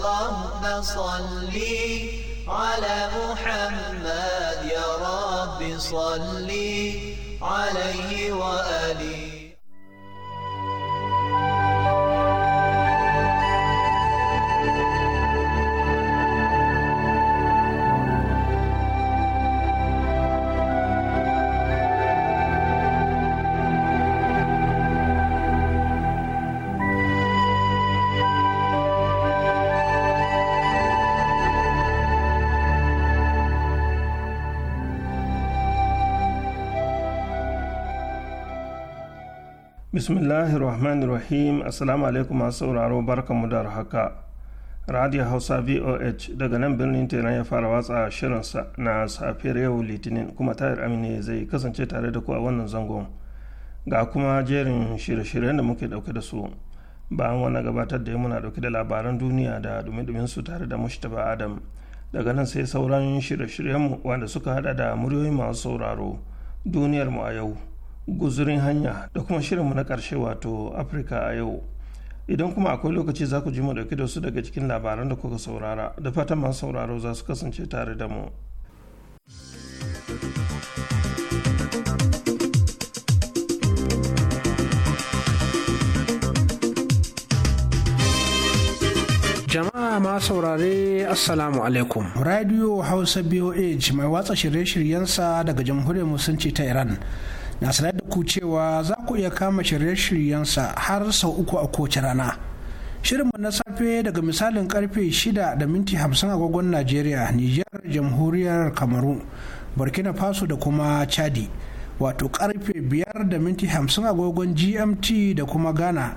اللهم صل على محمد يا رب صل عليه وآله bismillahirrahmanirrahim assalamu alaikum masu sauraro barkanmu da haka radio hausa voh daga nan birnin teran ya fara watsa shirinsa na safiyar yau litinin kuma tayar amine zai kasance tare da ku a wannan zangon ga kuma jerin shirye-shiryen da muke dauke da su bayan wani gabatar da muna dauke da labaran duniya da dumi su tare da mushtaba adam daga nan sai sauran shirye-shiryenmu wanda suka hada da muryoyi masu sauraro duniyarmu a yau guzurin hanya da kuma shirinmu na ƙarshe wato afirka a yau idan kuma akwai lokaci za ku ji mu dauki da su daga cikin labaran da kuka saurara da fatan masu sauraro za su kasance tare da mu jama'a ma saurare assalamu alaikum radio hausa boh mai watsa shirye-shiryensa daga jamhuriyar musulunci ta iran na sanar da ku cewa za ku iya kama shirye-shiryensa har sau uku a kowace rana shirinmu na safe daga misalin karfe 6 da minti 50 agogon najeriya nijar jamhuriyar kamaru burkina faso da kuma chadi wato karfe 5 da minti 50 agogon gmt da kuma ghana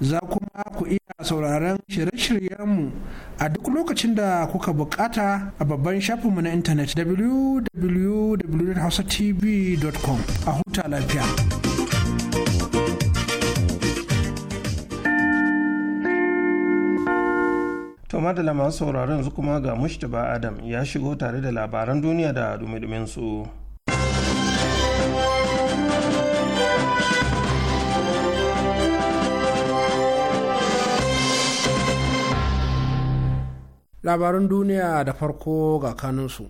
za kuma ku iya sauraron shirye-shiryenmu a duk lokacin da kuka bukata a babban shafinmu na intanet www.hausatv.com a huta lafiya. To madala masu sauraron yanzu kuma ga Mushtaba Adam ya shigo tare da labaran duniya da dumi su. labaran duniya da farko ga kanunsu.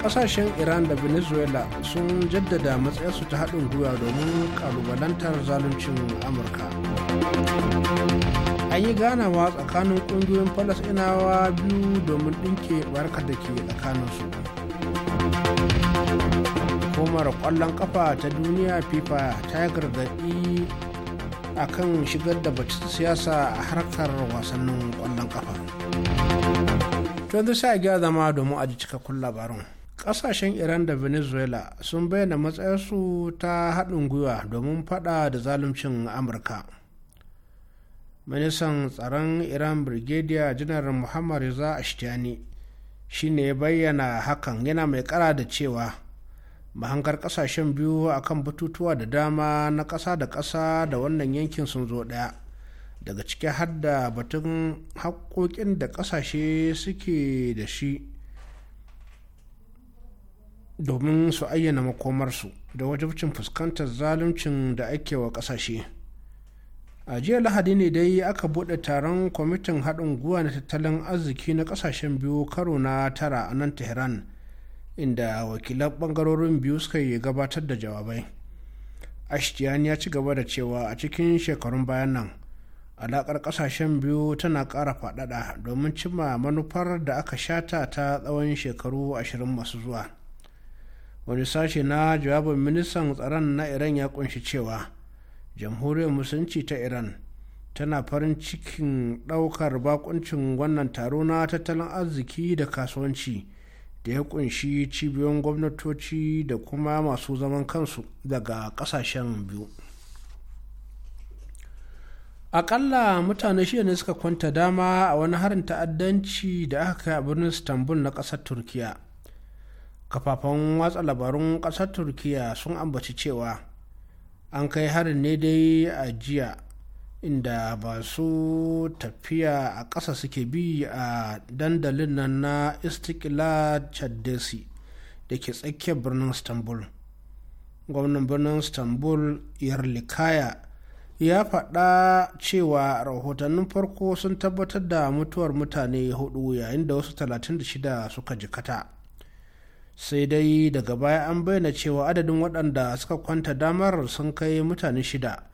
Ƙasashen Iran da Venezuela sun jaddada matsayarsu ta haɗin gwiwa domin ƙalubalantar zaluncin Amurka. An yi ganawa tsakanin ƙungiyoyin Falasɗinawa biyu domin ɗinke barkar da ke tsakaninsu. Komar ƙwallon ƙafa ta duniya FIFA ta gargaɗi a kan shigar da batun siyasa a harkar wasannin kwallon kafa. yanzu sai a zama domin a ji cikakkun labarin. Ƙasashen Iran da Venezuela sun bayyana matsayarsu ta haɗin gwiwa domin faɗa da zaluncin Amurka. Ministan tsaron Iran Brigadier Janar Muhammad Reza Ashtiani shi ne bayyana hakan yana mai kara da cewa mahangar kasashen biyu akan batutuwa da dama na ƙasa da ƙasa da wannan yankin sun zo ɗaya daga ciki har da batun haƙoƙin da ƙasashe suke da shi domin su ayyana makomarsu da wajibcin fuskantar zaluncin da ake wa ƙasashe a jiya lahadi ne dai aka buɗe taron kwamitin haɗin guwa na tattalin arziki na ƙasashen biyu karo na tara a nan tehran inda wakilan bangarorin biyu suka yi gabatar da jawabai ashtiyan ya ci gaba da cewa a cikin shekarun bayan nan alaƙar ƙasashen biyu tana ƙara faɗaɗa domin cimma manufar da aka shata ta tsawon shekaru ashirin masu zuwa wani sashe na jawabin ministan tsaron na iran ya kunshi cewa jamhuriyar musulunci ta iran tana farin cikin ɗaukar bakuncin wannan taro na tattalin arziki da kasuwanci da ya kunshi cibiyoyin gwamnatoci da kuma masu zaman kansu daga kasashen biyu akalla mutane shida ne suka kwanta dama a wani harin ta'addanci da aka kai a birnin istanbul na ƙasar turkiya kafafen watsa labarun ƙasar turkiya sun ambaci cewa an kai harin ne dai a jiya inda ba su tafiya a ƙasa suke bi a dandalin nan na istiklal chaddesi da ke tsakiyar birnin istanbul gwamnan birnin istanbul yarlikaya ya faɗa cewa rahotannin farko sun tabbatar da mutuwar mutane hudu yayin da wasu 36 suka jikata sai dai daga baya an bayyana cewa adadin waɗanda suka kwanta damar sun kai mutane shida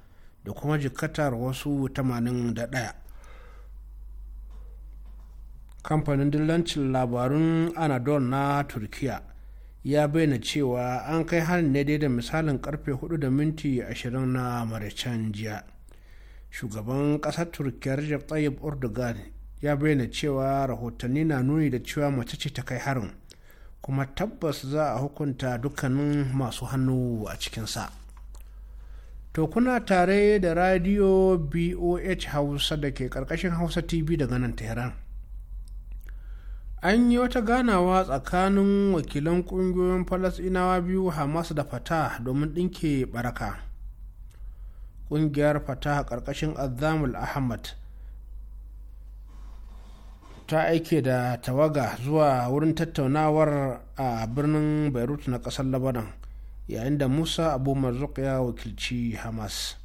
da kuma jikatar wasu 81 kamfanin dillancin labarun anadol na turkiya ya bayyana cewa an kai harin ne da misalin karfe 4 da minti 20 na maraicen jiya shugaban kasar turkiya rajab tayyip erdogan ya bayyana cewa rahotanni na nuni da cewa mace ce ta kai harin kuma tabbas za a hukunta dukkanin masu hannu a cikinsa. To kuna tare da radio BOH Hausa da ke ƙarƙashin Hausa TV daga nan Tehran. An yi wata ganawa tsakanin wakilan ƙungiyoyin Falasɗinawa biyu Hamas da Fatah domin ɗinke baraka. Ƙungiyar Fatah ƙarƙashin Azamul Ahmad ta aike da tawaga zuwa wurin tattaunawar a birnin Beirut na ƙasar Lebanon. yayin da musa abu marzuk ya wakilci hamas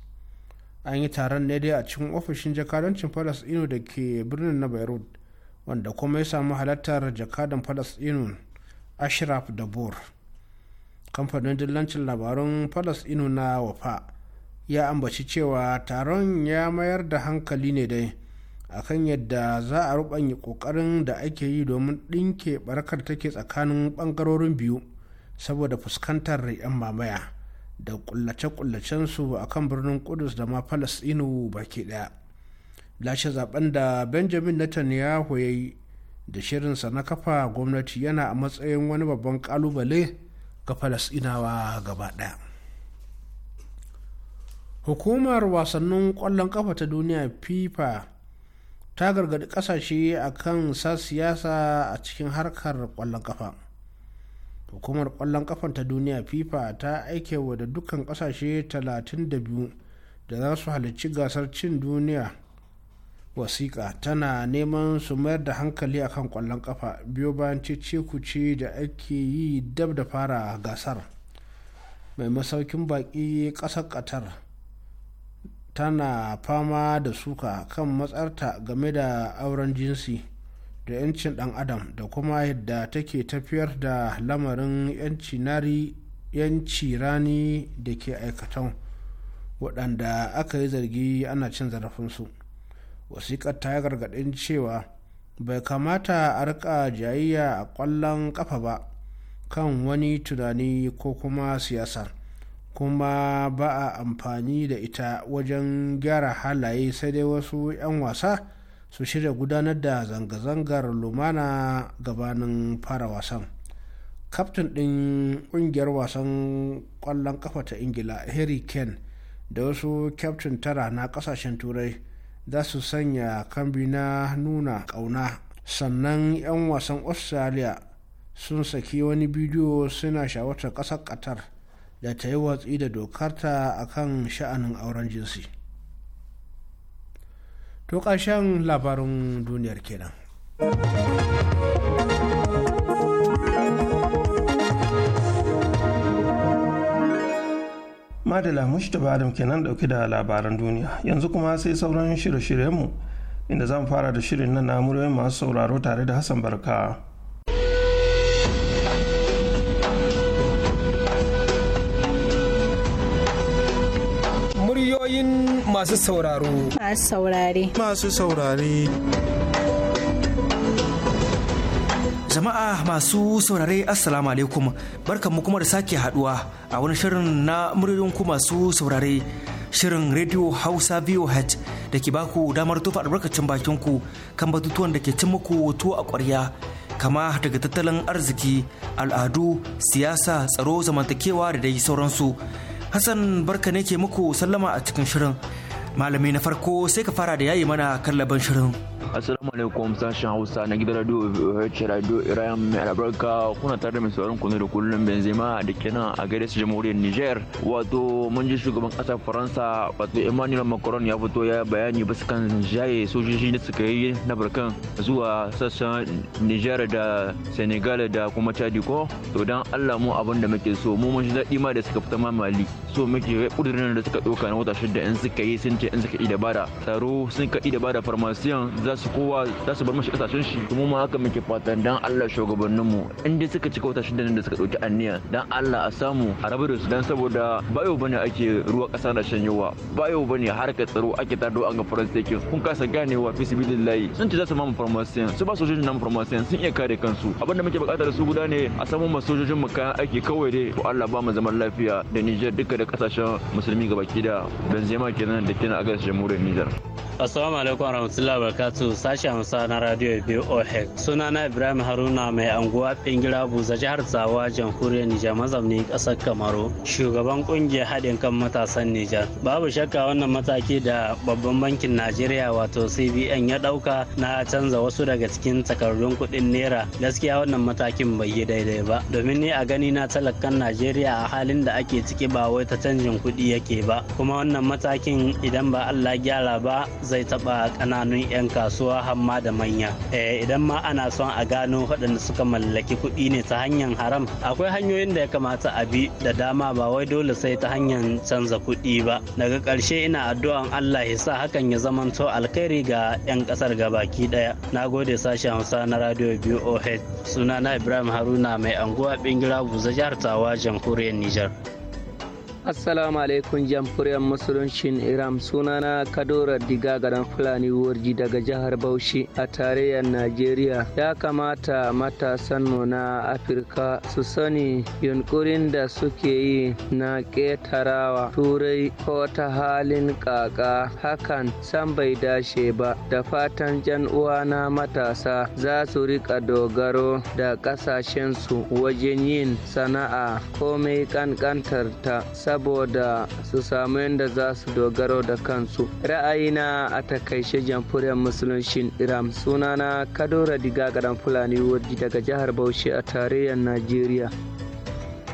an yi taron ne dai a cikin ofishin jakadancin inu da ke birnin na beirut wanda kuma ya samu halartar jakadan falasɗinu ashraf da dabur kamfanin dillancin labarun inu na wafa ya ambaci cewa taron ya mayar da hankali ne dai akan yadda za a rubanya kokarin da ake yi domin ɗinke barkar take tsakanin ɓangarorin biyu saboda fuskantar 'yan mamaya da kullace-kullacensu a kan birnin kudus da ma falasɗinu baki daya lashe zaben da benjamin netanyahu ya yi da shirinsa na kafa gwamnati yana a matsayin wani babban kalubale ga falasɗinawa gaba daya. hukumar wasannin kwallon kafa ta duniya fifa ta gargadi kasashe a kan sa siyasa a cikin harkar ƙwallon kafa. hukumar kwallon kafan ta duniya fifa ta aike wa da dukkan kasashe 32 da za su halarci gasar cin duniya wasiƙa tana neman su mayar da hankali akan kwallon kafa biyo bayan cece da ake yi dab da fara gasar mai masaukin baƙi ƙasar qatar tana fama da suka kan matsarta game da auren jinsi da 'yancin ɗan adam da kuma yadda take tafiyar da lamarin 'yanci rani da ke aikatan waɗanda aka yi zargi ana cin zarafinsu wasiƙar ta gargaɗin cewa bai kamata a rika jayayya a ƙwallon ƙafa ba kan wani tunani ko kuma siyasa kuma ba a amfani da ita wajen gyara halaye sai dai wasu 'yan wasa su shirya gudanar da zanga-zangar lumana gabanin fara wasan kaftin ɗin ƙungiyar wasan ƙwallon ƙafa ta ingila harry kane da wasu kyaftin tara na ƙasashen turai za su sanya kambi na nuna ƙauna sannan 'yan wasan australia sun saki wani bidiyo suna shawartar ƙasar qatar da ta yi watsi da dokarta akan sha'anin auren jinsi. to ƙarshen labarin duniyar kenan. Madala Mushtaba Adam kenan dauke da labaran duniya yanzu kuma sai sauran shirye-shiryenmu inda zan fara da shirin na na masu sauraro tare da Hassan Barka. Ra'ayoyin masu sauraro. Masu saurare. Masu saurare. Jama'a masu saurare Assalamu alaikum barkanmu kuma da sake haduwa a wani shirin na muryoyinku masu saurare shirin Radio Hausa VOH da ke baku damar tufa albarkacin bakinku kan batutuwan da ke cin muku tuwo a kwarya kama daga tattalin arziki, al'adu, siyasa, tsaro, zamantakewa da dai sauransu. Hassan barka ne ke muku sallama a cikin shirin. Malami na farko sai ka fara da yayi mana kallaban shirin. Assalamu alaikum sashen Hausa na gidan radio VOH Radio Iran mai albarka kuna tare da mai sauran kunu da kullum Benzema da kenan a gare su jamhuriyar Niger wato mun ji shugaban kasar Faransa wato Emmanuel Macron ya fito ya bayani bisa kan jaye sojoji da suka yi na Burkan zuwa sassan Niger da Senegal da kuma Chad ko to dan Allah mu abin da muke so mu mun ji daɗi ma da suka fita ma Mali so muke kudirin da suka ɗauka na wata shida in suka yi sun ce in suka yi da bada tsaro sun ka yi da bada farmasiyan za su kowa za su bar mashi kasashen shi kuma mu haka muke fatan dan Allah shugabannin mu in dai suka cika wata shida da suka dauki anniya dan Allah a samu a rabu da su dan saboda ba yau bane ake ruwa kasa na yawa ba yau bane ka tsaro ake tado an ga take kun kasa wa fi sibilillahi sun ce za su mamu farmasiyan su ba sojojin nan farmasiyan sun iya kare kansu abinda muke bukata da su guda ne a samu ma sojojin mu kayan aiki kawai dai to Allah ba mu zaman lafiya da Niger duka da kasashen musulmi gabaki da Benzema kenan da kenan a gasar jamhuriyar Niger Assalamu alaikum warahmatullahi wabarakatuh sashi hamsa na radio BOH. Suna na Ibrahim Haruna mai anguwa Bingira Buza jihar Zawa jamhuriyar Nijar ne kasar Kamaru. Shugaban kungiyar haɗin kan matasan Nijar. Babu shakka wannan mataki da babban bankin Najeriya wato CBN ya ɗauka na canza wasu daga cikin takardun kuɗin naira. Gaskiya wannan matakin bai yi daidai ba. Domin ni a gani na talakan Najeriya a halin da ake ciki ba wai ta canjin kuɗi yake ba. Kuma wannan matakin idan ba Allah gyara ba zai taba kananun 'yan kasuwa hamma da manya eh, idan ma ana son a gano waɗanda suka mallaki kuɗi ne ta hanyar haram akwai hanyoyin da ya kamata a bi da dama ba wai dole sai ta hanyar canza kuɗi ba daga ƙarshe ina addu'an allah ya sa hakan ya zamanto alkhairi ga 'yan ƙasar gabaki ɗaya na gode sashen hausa na radio boh sunana ibrahim haruna mai anguwa bingira buza jihar tawa jamhuriyar niger Assalamu alaikum jamhuriyar musuluncin Iram sunana Kadora Diga garan Fulani Warji daga jihar Bauchi a tarayyar Najeriya. Ya kamata matasan mu na Afirka su sani yunkurin da suke yi na ƙetarawa turai ko ta halin kaka hakan san bai dashe ba da fatan jan na matasa za su rika dogaro da ƙasashensu wajen yin sana'a komai ƙanƙantar ta saboda su samu yadda za su dogaro da kansu ra'ayina a takaice jamhuriyar musulunci iram sunana kadora diga garan fulani daga jihar bauchi a tarayyar najeriya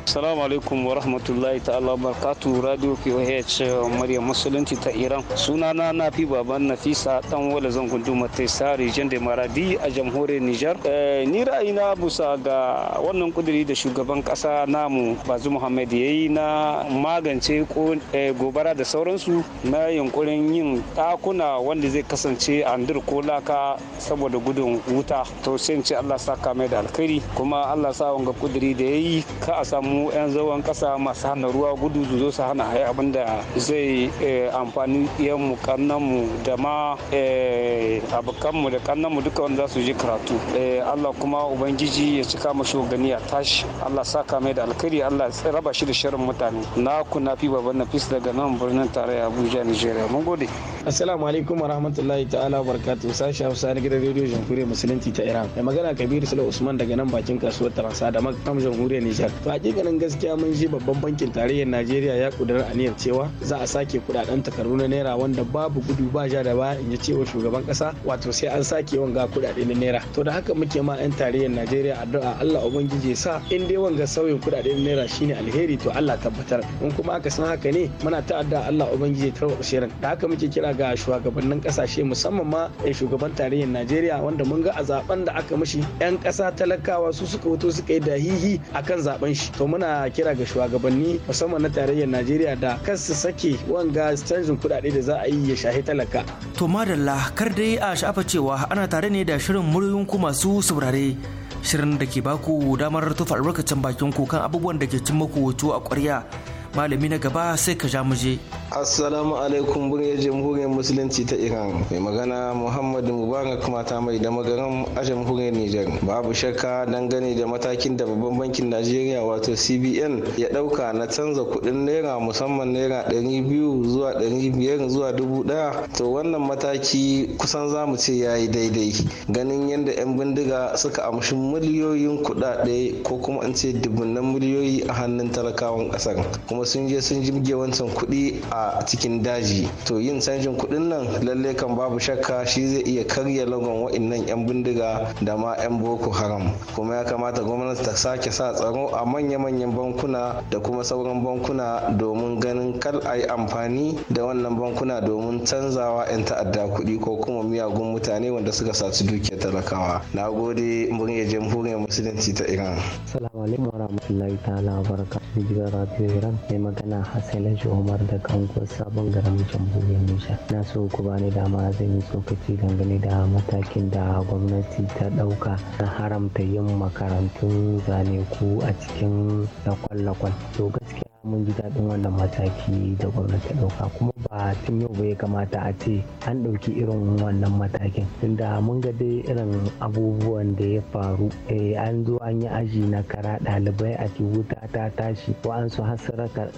Assalamu alaikum wa rahmatullahi ta'ala barkatu radio KOH eh, Maryam musulunci ta Iran. Sunana na fi baban Nafisa dan wala zangon Duma Tesari Jande Maradi a jamhuriyar Nijar. Eh, ni ra'ayina busa ga wannan kudiri da shugaban kasa namu Bazu Muhammad yayi na magance eh, gobara da sauransu na yunkurin yin ɗakuna wanda zai kasance ndir ko laka saboda gudun wuta. To sai Allah saka mai da alkhairi kuma Allah sa wanga kudiri da yayi ka a samu mu 'yan zawon kasa masu hana ruwa gudu su zo su hana hai abin da zai eh, amfani iyanmu kannanmu da ma eh, abokanmu da kannanmu duka wanda za su je karatu eh, allah kuma ubangiji ya cika mu shugani a tashi allah saka mai da alkhairi allah raba shi da shirin mutane na ku na fi babban nafis daga nan birnin tarayya abuja nigeria mun gode assalamu alaikum warahmatullahi ta'ala barkatu sashi hausa na gidan rediyo jamhuriyar musulunci ta iran mai magana kabiru sula usman daga nan bakin kasuwar taransa da makam jamhuriyar nijar to hakika Hakikanin gaskiya mun ji babban bankin tarayyar Najeriya ya a aniyar cewa za a sake kudaden takardu na naira wanda babu gudu ba ja da baya in ji cewa shugaban kasa wato sai an sake wanga kudade na naira. To da haka muke ma 'yan tarayyar Najeriya addu'a Allah ubangiji sa in dai wanga sauyin kudade na naira shine alheri to Allah tabbatar. In kuma aka san haka ne muna ta addu'a Allah ubangiji tarba tarwa Da haka muke kira ga shugabannin kasashe musamman ma eh, shugaban tarayyar Najeriya wanda mun ga a zaben da aka mishi 'yan kasa talakawa su suka wuto suka yi dahihi akan zaben shi. To muna kira ga shugabanni musamman na tarayyar najeriya da kar su sake wanga canjin kudade da za a yi ya shahi talaka to madalla kar dai a sha'afa cewa ana tare ne da shirin muryoyin ku masu saurare shirin da ke baku damar tufa albarkacin bakin ku kan abubuwan da ke cin muku a ƙwarya malami na gaba sai ka ja muje. je Assalamu alaikum burya jamhuriyar musulunci ta Iran. Mai magana Muhammad Mubarak mata mai da magaran a jamhuriyar Nijar. Babu shakka dangane da matakin da babban bankin Najeriya wato CBN ya dauka na canza kuɗin naira musamman naira ɗari biyu zuwa ɗari zuwa dubu ɗaya. To wannan mataki kusan za mu ce ya yi daidai. Ganin yadda 'yan bindiga suka amshi miliyoyin kuɗaɗe ko kuma an ce dubunnan miliyoyi a hannun talakawan ƙasar. Kuma sun je sun jirge wancan kuɗi a a cikin daji to yin canjin kuɗin nan lalle kan babu shakka shi zai iya karya lagon wa'annan 'yan bindiga da ma 'yan boko haram kuma ya kamata gwamnati ta sake sa tsaro a manya-manyan bankuna da kuma sauran bankuna domin ganin kal a yi amfani da wannan bankuna domin canzawa 'yan ta'adda kuɗi ko kuma miyagun mutane wanda suka saci dukiyar talakawa na gode murya jamhuriyar musulunci ta iran salamu alaikum wa rahmatullahi ta'ala wa barakatuhu gidan radio iran mai magana hassan umar da kan unguwar sabon garin jamhuriyar na so ku bani dama zan yi tsokaci dangane da matakin da gwamnati ta ɗauka na haramta yin makarantun zane ku a cikin lakwal-lakwal to gaskiya mun ji daɗin wannan mataki da gwamnati ɗauka kuma ba tun yau bai kamata a ce an ɗauki irin wannan matakin tunda mun ga dai irin abubuwan da ya faru eh, an zo an yi aji na kara ɗalibai a ke wuta ta tashi ko an su har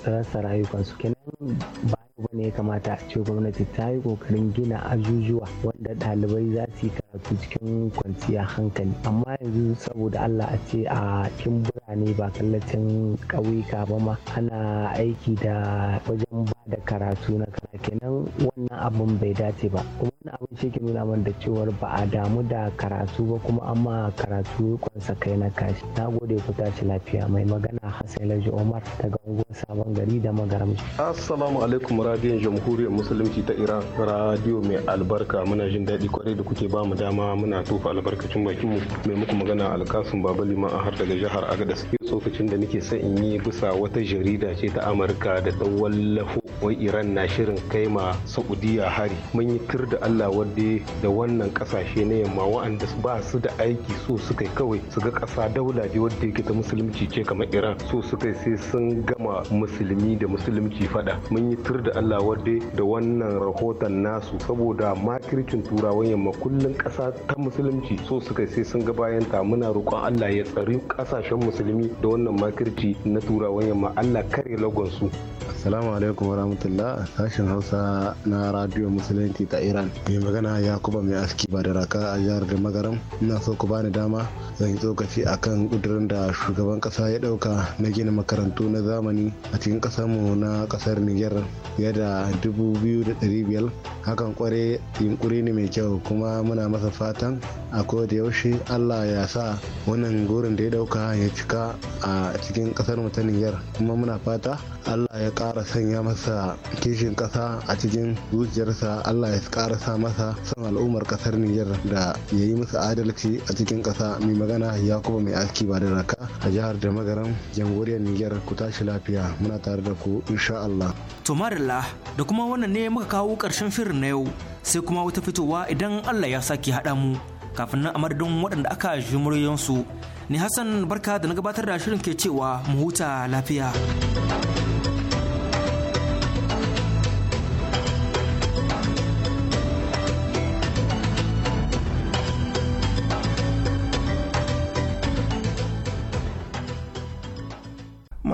rasa rayukansu kenan ba abu ne ya kamata a ce gwamnati ta yi kokarin gina ajujuwa wanda ɗalibai za su yi karatu cikin kwanciyar hankali amma yanzu saboda allah a ce a cikin birane ba kallacin ƙauyuka ba ma ana aiki da wajen ba da karatu na kara kenan wannan abun bai dace ba kuma wannan abun shi ke nuna mana da cewar ba a damu da karatu ba kuma amma karatu kwansa kai na kashi na gode ku tashi lafiya mai magana hassan laji omar daga unguwar sabon gari da magaramci. assalamu alaikum radiyon jamhuriyar musulunci ta iran radiyo mai albarka muna jin daɗi kwarai da kuke ba mu dama muna tofa albarkacin bakinmu mai muku magana alkasun baba liman har daga jihar agadas tsofacin da nake sa in yi bisa wata jarida ce ta amurka da ta wallafo wai iran na shirin kai ma saudiya hari mun yi tur da allah wadda da wannan kasashe na yamma wa'anda ba su da aiki so su kai kawai su ga kasa daula ce wadda yake ta musulunci ce kamar iran so su kai sai sun gama musulmi da musulunci fada mun yi tur da Allah wadde da wannan rahoton nasu saboda makircin turawan yamma kullun ƙasa ta musulunci so suka sai sun ga bayan ta muna roƙon Allah ya tsari ƙasashen musulmi da wannan makirci na turawan yamma Allah kare lagon su Salamu alaikum rahmatullah sashen Hausa na Radio Musulunci ta Iran. Mai magana ya Yakuba mai aski ba da raka a jihar da magaram. Ina so ku bani dama zan yi tsokaci a kan kudurin da shugaban kasa ya dauka na gina makarantu na zamani a cikin kasarmu na kasar Niger fiye da dubu biyu da ɗari biyar. Hakan kware yunkuri ne mai kyau kuma muna masa fatan a da yaushe Allah ya sa wannan gurin da ya dauka ya cika a cikin kasar ta Niger kuma muna fata Allah ya ka. kara sanya masa kishin kasa a cikin zuciyarsa Allah ya kara sa masa son al'ummar kasar Nijar da ya yi masa adalci a cikin kasa mai magana ya kuma mai aski ba da raka a jihar da magaran jamhuriyar Nijar ku tashi lafiya muna tare da ku insha Allah. To da kuma wannan ne muka kawo ƙarshen shirin na yau sai kuma wata fitowa idan Allah ya sake haɗa mu kafin nan a madadin waɗanda aka ji su Ni Hassan barka da na gabatar da shirin ke cewa mu huta lafiya.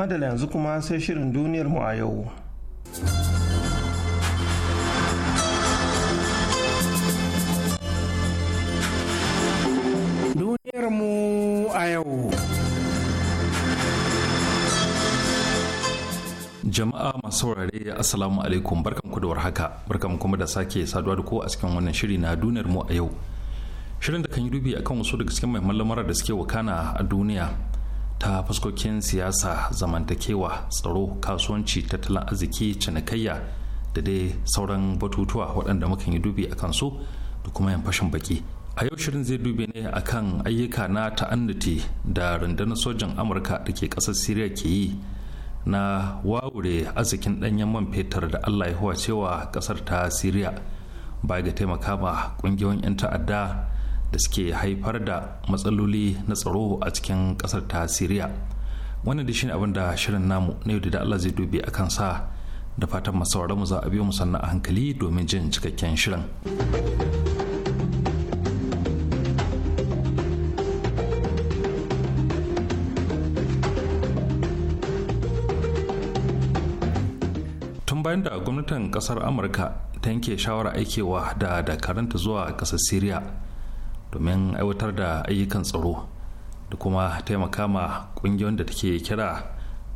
madala yanzu kuma sai shirin duniyar mu a yau duniyar mu a yau jama'a masu saurare asalamu alaikum barkan ku da warhaka barkan kuma da sake saduwa da ko a cikin wannan shiri na duniyar mu a yau shirin da kan yi dubi akan wasu daga cikin mai mallamara da suke wakana a duniya ta fuskokin siyasa zamantakewa tsaro kasuwanci tattalin arziki cinikayya da dai sauran batutuwa waɗanda mukan yi dubi a su da kuma yan fashin baki a yau shirin zai dubi ne akan ayyuka na ta'annati da rundunar sojan amurka da ke ƙasar siriya ke yi na wawure arzikin ɗanyen man fetur da allah ya cewa ƙasar ta siriya ba ga taimaka ba ƙungiyoyin 'yan ta'adda da suke haifar da matsaloli na tsaro a cikin kasar ta siriya wannan da shi abin da shirin namu na yau da allah zai dubi a sa da fatan masu mu za a biyo mu sannan a hankali domin jin cikakken shirin tun bayan da gwamnatin kasar amurka ta yanke shawara aikewa da dakaranta zuwa kasar siriya domin aiwatar da ayyukan tsaro da kuma taimaka ma kungiyoyin da take kira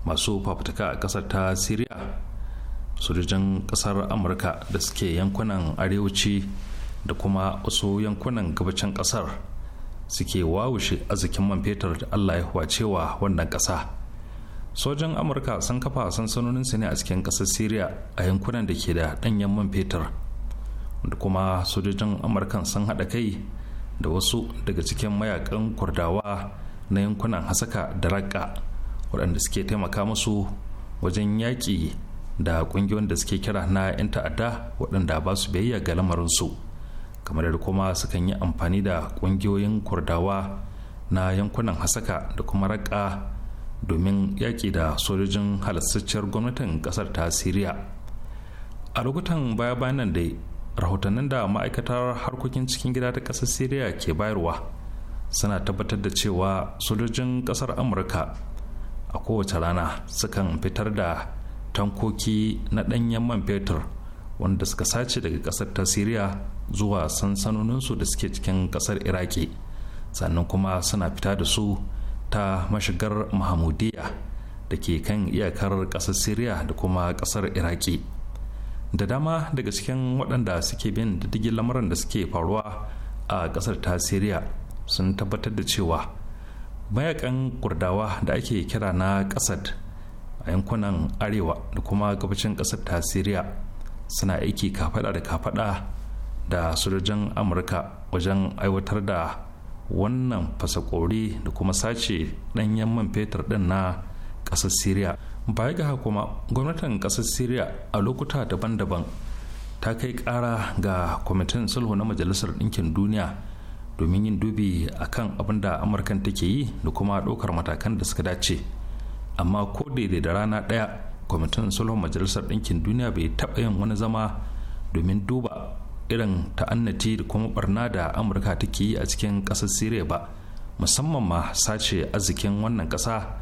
masu fafutuka a kasar ta syria sojojin kasar amurka da suke yankunan arewaci da kuma wasu yankunan gabacin kasar suke wawushe arzikin man fetur da allah ya cewa wannan kasa sojan amurka sun kafa su ne a cikin kasar syria a yankunan da ke da danyen man fetur da kuma sojojin amurkan sun haɗa kai da wasu daga cikin mayakan kurdawa na yankunan hasaka da raƙa waɗanda suke taimaka musu wajen yaƙi da ƙungiyoyin da suke kira na 'yan ta'adda waɗanda ba su biyayya ga lamarinsu kamar da kuma sukan yi amfani da ƙungiyoyin kurdawa na yankunan hasaka da kuma raƙa domin yaƙi da sojojin halastacciyar gwamnatin ƙasar ta siriya a lokutan baya bayan nan dai rahotannin da ma'aikatar harkokin cikin gida ta ƙasar syria ke bayarwa suna tabbatar da cewa sojojin ƙasar amurka a kowace rana sukan fitar da tankoki na ɗanyen man fetur wanda suka sace daga ƙasar ta syria zuwa sansanoninsu da suke cikin ƙasar iraki sannan kuma suna fita da su ta mashigar mahamudiya da ke kan iyakar ƙasar syria da kuma ƙasar iraki da dama daga cikin waɗanda suke bin diddigin lamuran da suke faruwa a ƙasar ta siriya sun tabbatar da cewa mayakan kurdawa da ake kira na ƙasar a yankunan arewa da kuma gabacin ƙasar ta siriya suna aiki kafaɗa da kafaɗa da sojojin amurka wajen aiwatar da wannan fasakori da kuma sace ɗanyen man fetur ɗin na ƙasar siriya baya ga kuma gwamnatin ƙasar syria a lokuta daban-daban ta kai kara ga kwamitin sulhu na majalisar ɗinkin duniya domin yin dubi a kan abin da amurkan take yi da kuma ɗaukar matakan da suka dace amma ko daidai da rana ɗaya kwamitin sulhu majalisar ɗinkin duniya bai taɓa yin wani zama domin duba irin ta'annati da kuma barna da amurka take yi a cikin ƙasar syria ba musamman ma sace arzikin wannan ƙasa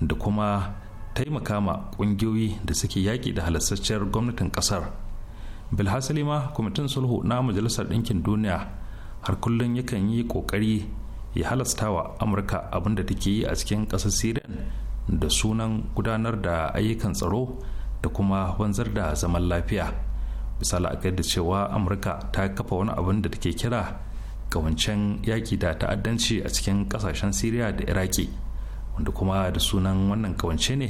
da kuma taimaka ma kungiyoyi da suke yaƙi da halasasciyar gwamnatin ƙasar bilhassali ma kwamitin sulhu na majalisar ɗinkin duniya har kullum yakan yi ƙoƙari ya halasta wa amurka abin da take yi a cikin ƙasar syrian da sunan gudanar da ayyukan tsaro da kuma wanzar da zaman lafiya misali a da cewa amurka ta kafa wani abin da take kira ƙawancen yaƙi da ta'addanci a cikin ƙasashen syria da iraki wanda kuma da sunan wannan kawance ne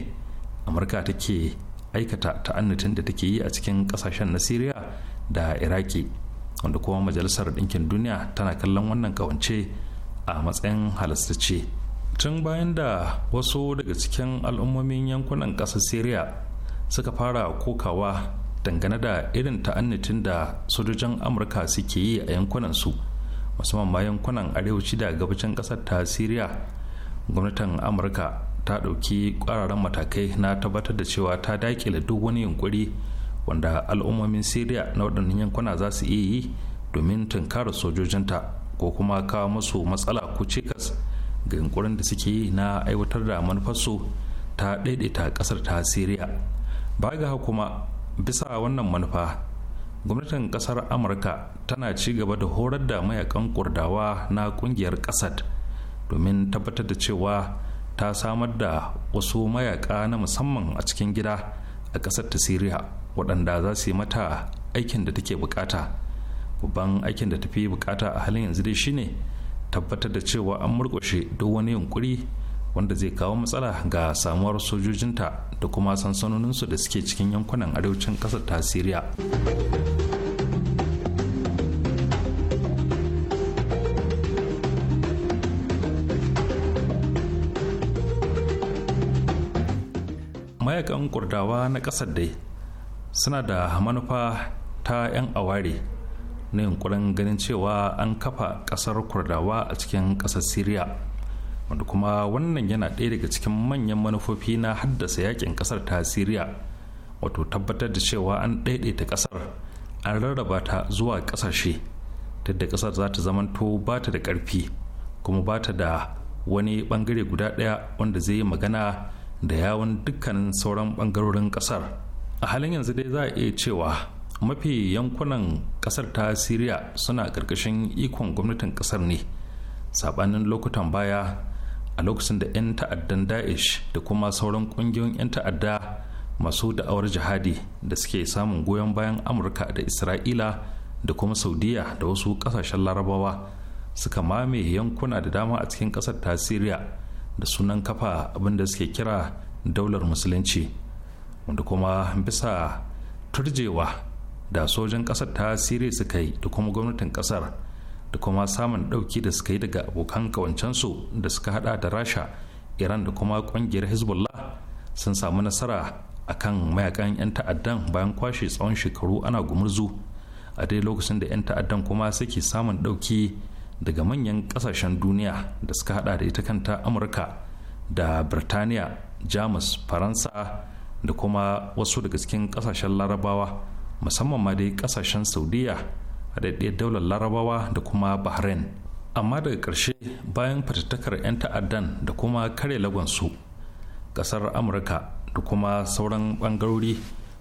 amurka take aikata ta'annatin da take yi a cikin kasashen na syria da iraki wanda kuma majalisar ɗinkin duniya tana kallon wannan kawance a matsayin halastacce tun bayan da wasu daga cikin al'ummomin yankunan ƙasar syria suka fara kokawa dangane da irin ta'annatin da sojojin amurka suke yi a yankunansu musamman ma yankunan arewaci da gabacin ƙasar ta syria gwamnatin amurka ta ɗauki ƙwararren matakai na tabbatar da cewa ta daƙile duk wani yunkuri wanda al'ummomin syria na waɗannan yankuna za su iya yi domin tunkara sojojinta ko kuma kawo musu matsala ko cikas ga yunkurin da suke yi na aiwatar da manufarsu ta daidaita ƙasar ta siriya ba ga kuma bisa wannan manufa gwamnatin kasar amurka tana ci gaba da horar da mayakan kurdawa na kungiyar ƙasar domin tabbatar da cewa ta samar da wasu mayaka na musamman a cikin gida a ƙasar ta siriya waɗanda za su yi mata aikin da take bukata babban aikin da tafi bukata a halin yanzu dai shine tabbatar da cewa an murƙushe duk wani yunkuri wanda zai kawo matsala ga samuwar sojojinta da kuma sansanoninsu da suke cikin yankunan arewacin ƙasar ta siriya mayakan kurdawa na ƙasar dai suna da manufa ta 'yan aware na yunkurin ganin cewa an kafa ƙasar kurdawa a cikin ƙasar syria wanda kuma wannan yana ɗaya daga cikin manyan manufofi na haddasa yakin ƙasar ta syria wato tabbatar da cewa an ɗaiɗaita ƙasar an rarraba ta zuwa ƙasashe duk da ƙasar za ta zamanto ba ta da ƙarfi kuma ba ta da wani ɓangare guda ɗaya wanda zai yi magana da yawon dukkanin sauran bangarorin kasar a halin yanzu dai za a iya cewa mafi yankunan kasar ta siriya suna karkashin ikon gwamnatin kasar ne sabanin lokutan baya a lokacin da 'yan ta'addan daesh da kuma sauran kungiyoyin 'yan ta'adda masu da'awar jihadi da suke samun goyon bayan amurka da isra'ila da kuma saudiya da wasu kasashen larabawa suka mame yankuna da dama a cikin kasar ta siriya da sunan kafa abinda suke kira daular musulunci wanda kuma bisa turjewa da sojan kasar ta sire suka yi da kuma gwamnatin kasar da kuma samun ɗauki da suka yi daga abokan kawancensu da suka hada da rasha iran da kuma ƙungiyar hezbollah sun samu nasara a kan mayakan 'yan ta'addan bayan kwashe tsawon shekaru ana gumurzu a dai lokacin da 'yan ta'addan kuma suke samun ɗauki daga manyan kasashen duniya da suka hada da ita kanta amurka da birtaniya jamus faransa da kuma wasu daga cikin kasashen larabawa musamman ma dai kasashen saudiya haɗaɗɗiyar daular larabawa da kuma bahrain amma daga ƙarshe bayan fatattakar 'yan ta'addan da kuma kare lagonsu ƙasar amurka da kuma sauran ɓangarori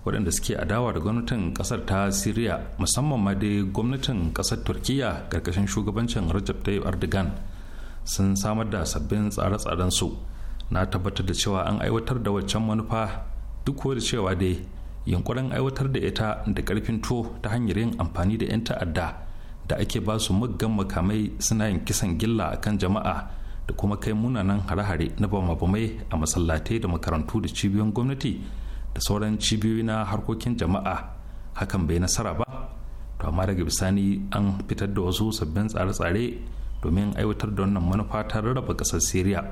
waɗanda suke adawa da gwamnatin ƙasar ta siriya musamman ma dai gwamnatin ƙasar turkiyya ƙarƙashin shugabancin rajab tayyip erdogan sun samar da sabbin tsare-tsaren su na tabbatar da cewa an aiwatar da waccan manufa duk da cewa dai yunkurin aiwatar da ita da ƙarfin tuwo ta hanyar yin amfani da 'yan ta'adda da ake ba su muggan makamai suna yin kisan gilla akan jama'a da kuma kai munanan hare-hare na bama-bamai a masallatai da makarantu da cibiyoyin gwamnati da sauran cibiyoyi na harkokin jama'a hakan bai nasara ba to amma daga bisani an fitar da wasu sabbin tsare-tsare domin aiwatar da wannan manufa ta rarraba ƙasar syria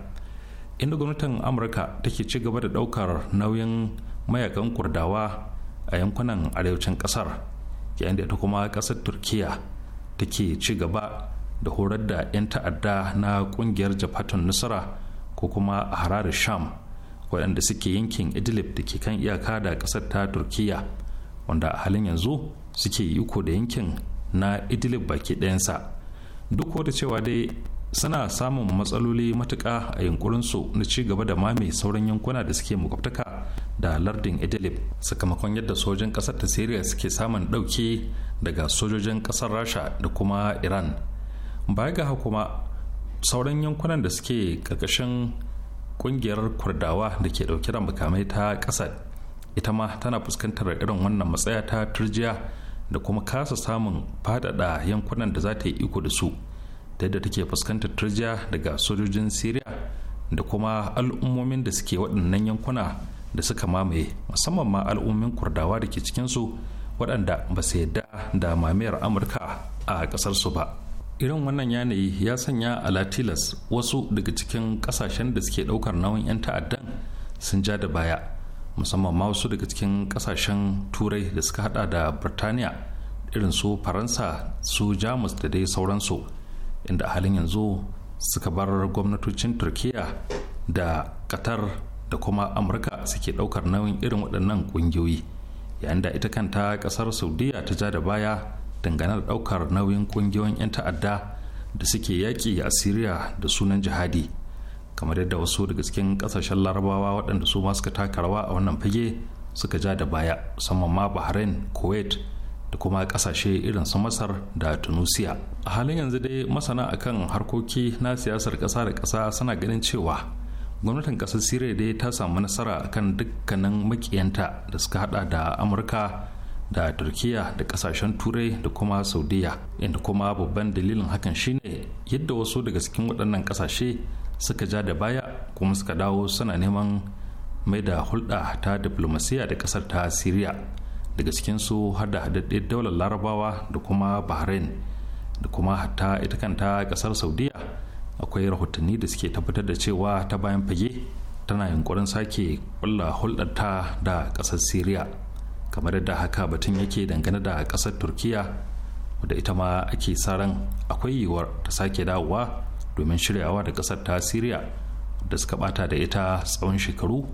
inda gwamnatin amurka take ci gaba da ɗaukar nauyin mayakan kurdawa a yankunan arewacin ƙasar yayin da ta kuma ƙasar turkiya take ci gaba da horar da 'yan ta'adda na ƙungiyar jafatun nusra ko kuma a harar sham waɗanda suke yankin idlib da ke kan iyaka da ƙasar ta turkiyya wanda a halin yanzu suke yi uku da yankin na idlib baki ɗayansa duk wata cewa dai suna samun matsaloli matuƙa a yunkurinsu na ci gaba da mame sauran yankuna da suke makwabtaka da lardin idlib sakamakon yadda sojin ƙasar ta syria suke samun ɗauke daga sojojin ƙasar rasha da kuma iran baya ga kuma sauran yankunan da suke ƙarƙashin kungiyar kurdawa da ke dauke da makamai ta kasa ita ma tana fuskantar irin wannan matsaya ta turjiya da kuma kasa samun fadada yankunan da za ta yi iko da su ta yadda take fuskantar turjiya daga sojojin syria da kuma al'ummomin da suke waɗannan yankuna da suka mamaye musamman ma al'ummomin kurdawa da ke cikinsu waɗanda ba su yadda da mamayar amurka a ƙasarsu ba irin wannan yanayi ya sanya a latilas wasu daga cikin kasashen da suke daukar nauyin 'yan ta'addan sun ja da baya musamman ma wasu daga cikin kasashen turai da suka hada da birtaniya irin su faransa su jamus da dai sauransu inda halin yanzu suka bar gwamnatocin turkiya da qatar da kuma amurka suke daukar nauyin irin waɗannan ƙungiyoyi yayin da ita kanta ƙasar saudiya ta ja da baya dangane da ɗaukar nauyin ƙungiyoyin 'yan ta'adda da suke yaƙi a siriya da sunan jihadi kamar yadda wasu daga cikin ƙasashen larabawa waɗanda su ma suka taka rawa a wannan fage suka ja da baya musamman ma bahrain kuwait da kuma ƙasashe irin su masar da tunisia a halin yanzu dai masana akan harkoki na siyasar ƙasa da ƙasa suna ganin cewa gwamnatin ƙasar siriya dai ta samu nasara akan dukkanin makiyanta da suka hada da amurka da turkiya da kasashen turai da kuma saudiya inda kuma babban dalilin hakan shine yadda wasu daga cikin waɗannan kasashe suka ja da baya kuma suka dawo suna neman mai da hulɗa ta diplomasiya da ƙasar ta siriya daga cikinsu har da haɗaɗɗe daular larabawa da kuma bahrain da kuma hatta ita kanta ƙasar saudiya akwai rahotanni da suke tabbatar da cewa ta bayan fage tana yunkurin sake kulla hulɗar ta da ƙasar siriya kamar yadda haka batun yake dangane da ƙasar turkiya wadda ita ma ake sa ran akwai yiwuwar ta sake dawowa domin shiryawa da ƙasar ta siriya da suka bata da ita tsawon shekaru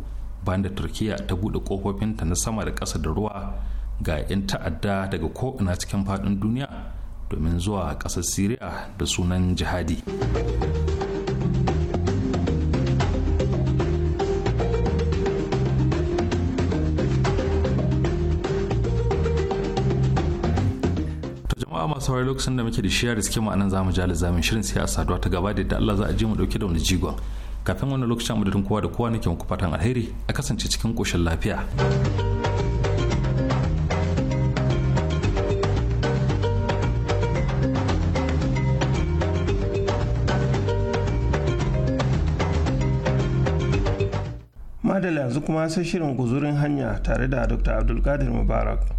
bayan da turkiya ta buɗe ƙofofinta na sama da ƙasa da ruwa ga 'yan ta'adda daga ko'ina cikin faɗin duniya domin zuwa ƙasar siriya da sunan jihadi. masu saurari lokacin da muke da shiya da suke ma'anan zamu ji alizamin shirin sai a saduwa ta gaba da yadda Allah za a je mu dauke da wani jigon kafin wannan lokacin madadin kowa da kowa nake muku fatan alheri a kasance cikin koshin lafiya. Madalla yanzu kuma sai shirin guzurin hanya tare da Dr. Abdulkadir Mubarak.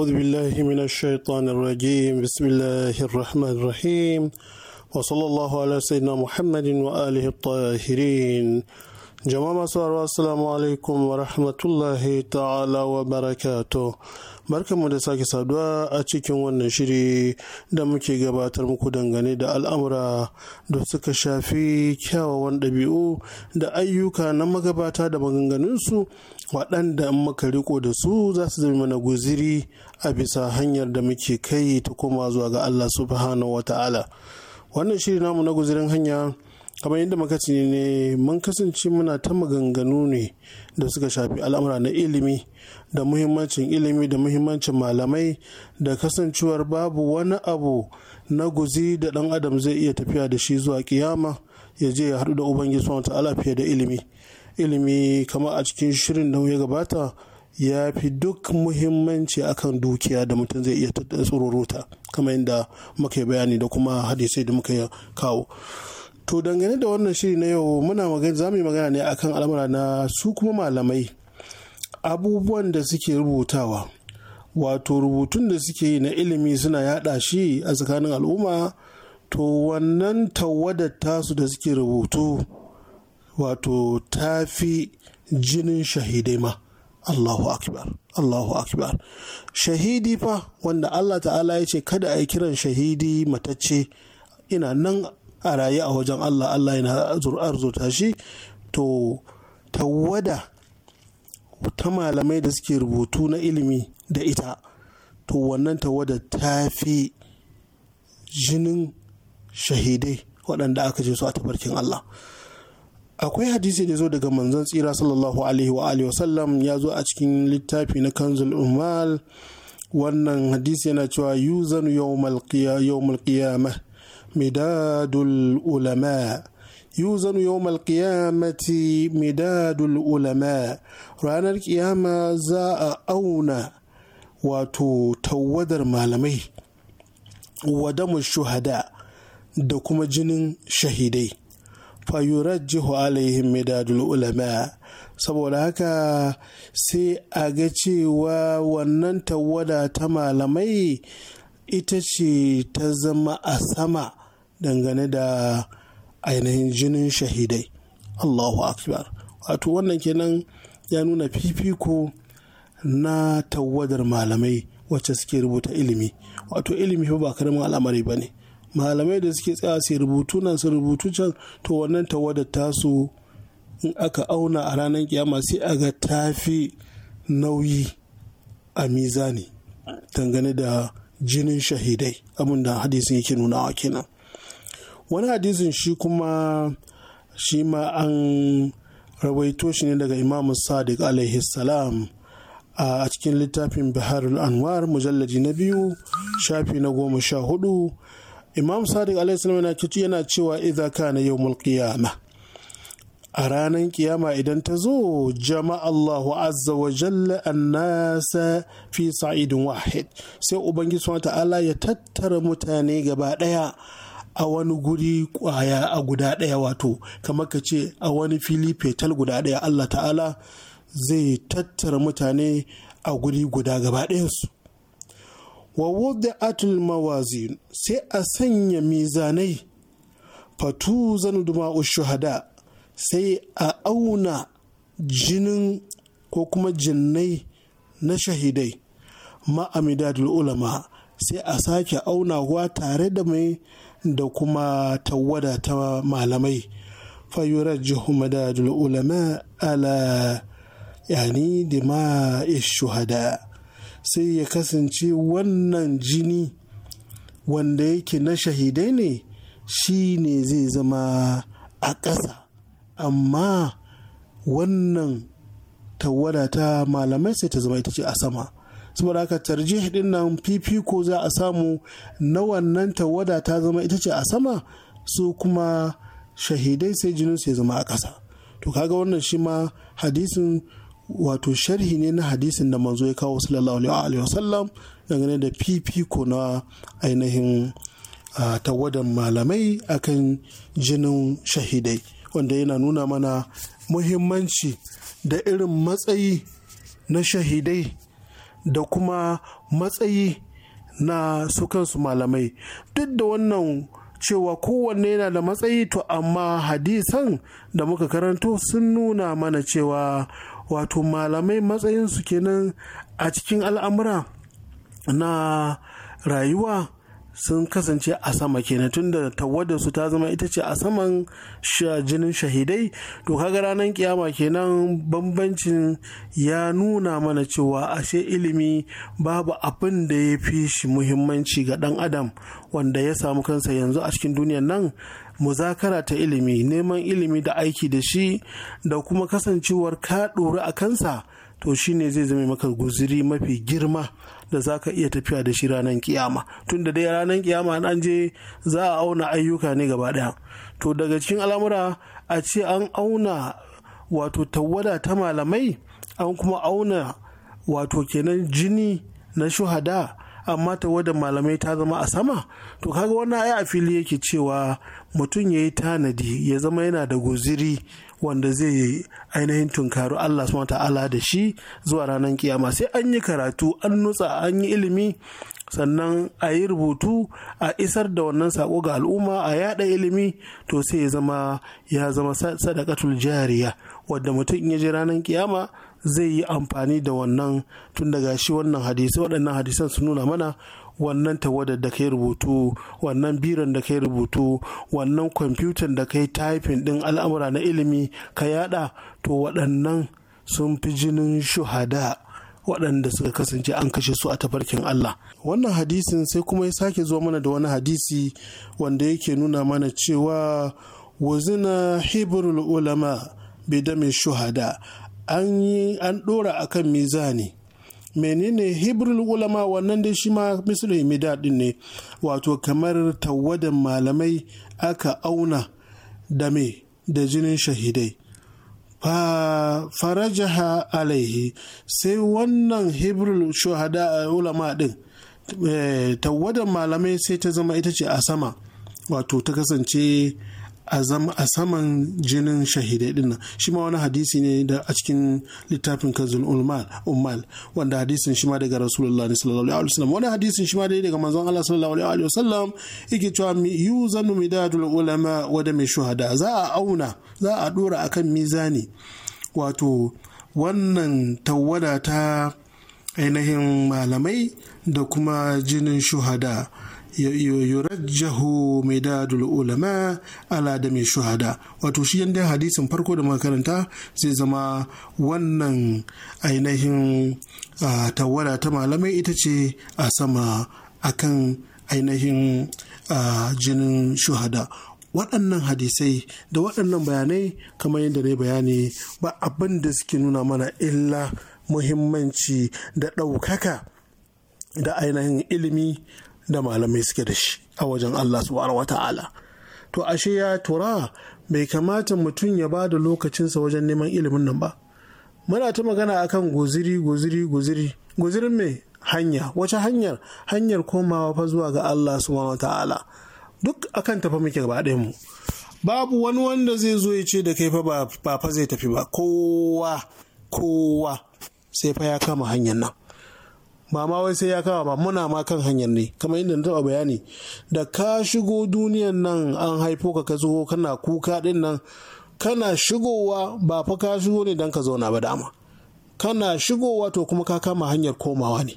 أعوذ بالله من الشيطان الرجيم بسم الله الرحمن الرحيم وصلى الله على سيدنا محمد وآله الطاهرين جماعة السلام عليكم ورحمة الله تعالى وبركاته barkanmu da sake saduwa a cikin wannan shiri da muke gabatar muku dangane da al'amura da suka shafi kyawawan ɗabi'u da ayyuka na magabata da maganganunsu waɗanda muka riko da su za su zama mana guziri a bisa hanyar da muke kai ta koma zuwa ga Allah subhanahu wa ta'ala wannan shiri namu na guzirin hanya kamar yadda muka ne mun kasance muna ta maganganu ne da suka shafi al'amura na ilimi da muhimmancin ilimi da muhimmancin malamai da kasancewar babu wani abu na guzi da dan adam zai iya tafiya da shi zuwa kiyama ya je ya haɗu da ubangiji subhanahu ta'ala fiye da ilimi ilimi kamar a cikin shirin da ya gabata ya fi duk muhimmanci akan dukiya da mutum zai iya tsororota kamar yadda muka bayani da kuma hadisai da muka kawo to dangane da wannan shiri na yau muna magana za mu yi magana ne akan al'amura na su kuma malamai abubuwan da suke rubutawa wato rubutun da suke yi na ilimi suna yada shi a tsakanin al'umma to wannan tawada tasu da suke rubutu wato tafi jinin shahidai ma Allahu akbar Allahu akbar shahidi fa wanda Allah ta'ala ya ce kada a yi kiran shahidi matacce ina nan a rayu a wajen Allah Allah yana arzuta shi to tawada ta malamai da suke rubutu na ilimi da ita to wannan tawada ta fi jinin shahidai waɗanda aka je su a tabarkin Allah akwai hadisi da zo daga manzon tsira sallallahu alaihi wa alihi wasallam ya zo a cikin littafi na kanzul umal wannan hadisi yana cewa yuzanu yawmal qiyamah مداد العلماء يوزن يوم القيامة مداد العلماء ranar ƙiyama za a auna wato tawadar malamai wadamu shuhada da kuma jinin shahidai fayurajjihu alaihim midadul ulama saboda haka sai a ga cewa wannan tawada ta malamai ita ce ta zama a sama dangane da ainihin jinin shahidai allahu akbar wato wannan kenan ya nuna fifiko na tawadar malamai wacce suke rubuta ilimi wato ilimi fa ba karamin al'amari ba ne malamai da suke tsaya su rubutu nan su rubutu can to wannan tawadar tasu in aka auna a ranar kiyama sai a ga tafi nauyi a mizani dangane da jinin shahidai abinda hadisin yake nunawa kenan wani hadisin shi kuma shi ma an rawaito shi ne daga imam sadiq alaihi salam a cikin littafin biharul anwar mujallaji na biyu shafi na goma sha hudu imam sadiq alaihi salam yana cewa idza kana yawmul qiyamah a ranar kiyama idan ta zo jama'a Allahu azza wa jalla annasa fi sa'idin wahid sai ubangiji ta'ala ya tattara mutane gaba daya a wani guri kwaya a guda ɗaya wato kamar ka ce a wani fili fetal guda ɗaya Allah ta'ala zai tattara mutane a guri guda gaba ɗayansu wa atul mawazin sai a sanya mizanai fatu zanu duma'u shuhada sai a auna jinin ko kuma jinnai na shahidai ma'amidadul ulama sai a sake auna aunawa tare da mai da kuma tawada ta malamai fayurajjihu madadul ulama ala yani dima shuhada sai ya kasance wannan jini wanda yake na shahidai ne shi ne zai zama a ƙasa amma wannan tawada ta malamai sai ta zama ita ce a sama saboda haka tarjih din nan fifiko za a samu na wannan tawada ta zama ita ce a sama su kuma shahidai sai jinin su ya zama a ƙasa to kaga wannan shi ma hadisin wato sharhi ne na hadisin da manzo ya kawo sallallahu alaihi wasallam dangane da fifiko na ainihin tawadan malamai akan jinin shahidai wanda yana nuna mana muhimmanci da irin matsayi na shahidai da kuma matsayi na su kansu malamai duk da wannan cewa kowanne yana da matsayi to amma hadisan da muka karanto sun nuna mana cewa wato malamai matsayin matsayinsu kenan a cikin al'amura na rayuwa sun kasance a sama kenan tunda tawadda su ta zama ita ce a saman jinin shahidai to kaga ranar kiyama kenan bambancin ya nuna mana cewa ashe ilimi babu abin da ya fi shi muhimmanci ga dan adam wanda ya samu kansa yanzu a cikin duniyar nan muzakara ta ilimi neman ilimi da aiki da shi da kuma kasancewar ka ɗori a kansa to shi ne zai zama maka guziri mafi girma da za ka iya tafiya da shi ranar kiyama tun da dai ranar kiyama an je za a auna ayyuka ne gaba daya to daga cikin al'amura a ce an auna wato tawada ta malamai an kuma auna wato kenan jini na shuhada amma tawada malamai ta zama a sama to kaga wannan ai a fili yake cewa mutum ya yi tanadi ya zama yana da guziri wanda zai ainihin tunkaru Allah subhanahu ta'ala da shi zuwa ranar kiyama sai an yi karatu an nutsa an yi ilimi sannan a yi rubutu a isar da wannan sako ga al'umma a yada ilimi to sai ya zama ya zama sadakatul jariya wadda mutum ya je ranar kiyama zai yi amfani da wannan tun daga shi wannan hadisi waɗannan hadisan su nuna mana wannan tawadar da kai rubutu wannan biran da kai rubutu wannan kwamfutan da ka kai taifin ɗin al'amura na ilimi ka yada to waɗannan sun fi jinin shuhada waɗanda suka kasance an kashe su a tafarkin Allah. Wannan hadisin sai kuma ya sake zuwa mana da wani hadisi wanda yake nuna mana cewa wazina hibrul ulama mai shuhada an yi an dora kan mizani menene hibrul ulama wannan dai shi ma misali daɗin ne wato kamar tawadan malamai aka auna da me da jinin shahidai fa farajaha alaihi sai wannan hibrul shuhada eh, ulama din eh, tawadan malamai sai ta zama ita ce a sama wato ta kasance a saman jinin shahidai dinnan shi ma wani hadisi ne da a cikin littafin kazin ummal wanda hadisin shi ma daga ne sallallahu alaihi wasallam wani hadisin shi ma dai daga manzon Allah sallallahu alaihi wasallam yake cewa yuzanu midadul ulama wa da shuhada za a auna za a dora akan mizani wato wannan tawada ta ainihin malamai da kuma jinin shuhada yurajjahu midadul ulama ala da mai shuhada wato shi yadda hadisin farko da makaranta zai zama wannan ainihin tawara ta malamai ita ce a sama akan ainihin jinin shuhada waɗannan hadisai da waɗannan bayanai kamar yadda na bayani ba abin da suke nuna mana illa muhimmanci da ɗaukaka da ainihin ilimi da malamai suke da shi a wajen Allah subhanahu wa ta'ala to ashe ya tura bai kamata mutum ya ba da lokacinsa wajen neman ilimin nan ba muna ta magana akan guziri guziri guziri guziri mai hanya wace hanyar hanyar komawa fa zuwa ga Allah subhanahu ta'ala duk akan tafi muke gaba mu babu wani wanda zai zo ya ce da kai fa ba fa zai tafi ba kowa kowa sai fa ya kama hanyar nan ba ma wai sai ya kawo ba muna ma kan hanyar ne kamar inda na taba bayani da ka shigo duniyan nan an haifo ka ka zo kana kuka din nan kana shigowa ba fa ka shigo ne dan ka zauna ba dama kana shigowa to kuma ka kama hanyar komawa ne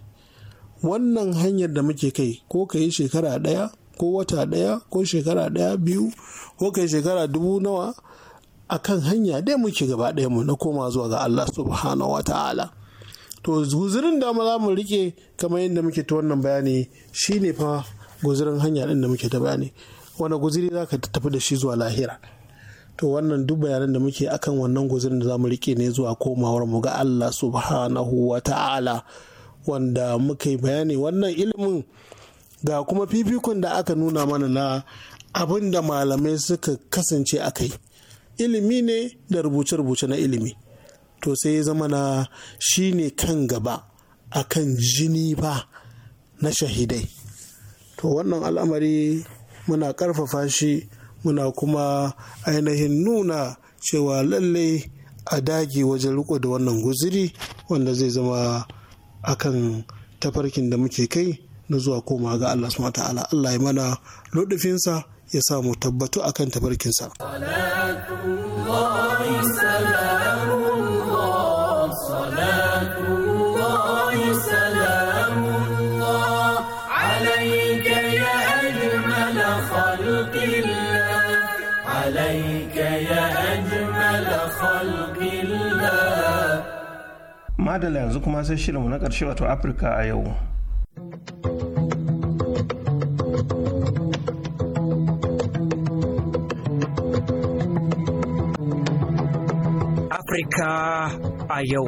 wannan hanyar da muke kai ko ka yi shekara ɗaya ko wata ɗaya ko shekara ɗaya biyu ko ka yi shekara dubu nawa akan hanya dai muke gaba ɗaya mu na koma zuwa ga Allah subhanahu wa ta'ala to guzurin da za mu rike kamar yadda muke ta wannan bayani shine fa guzurin hanya din da muke ta bayani wani guziri za ka tafi da shi zuwa lahira to wannan duk bayanan da muke akan wannan guzurin da za mu rike ne zuwa komawar mu ga Allah subhanahu wa ta'ala wanda muka yi bayani wannan ilimin ga kuma fifikon da aka nuna mana na abin da malamai suka kasance a kai ilimi ne da rubuce-rubuce na ilimi to sai ya zama na shi ne kan gaba a kan jini ba na shahidai to wannan al'amari muna ƙarfafa shi muna kuma ainihin nuna cewa lallai a dage wajen riko da wannan guziri wanda zai zama akan tafarkin da muke kai na zuwa koma ga Allah subhanahu ta'ala Allah ya mana ludufinsa ya samu tabbatu akan tafarkinsa. madala yanzu kuma sai shirinmu na ƙarshe wato afirka a yau afirka a yau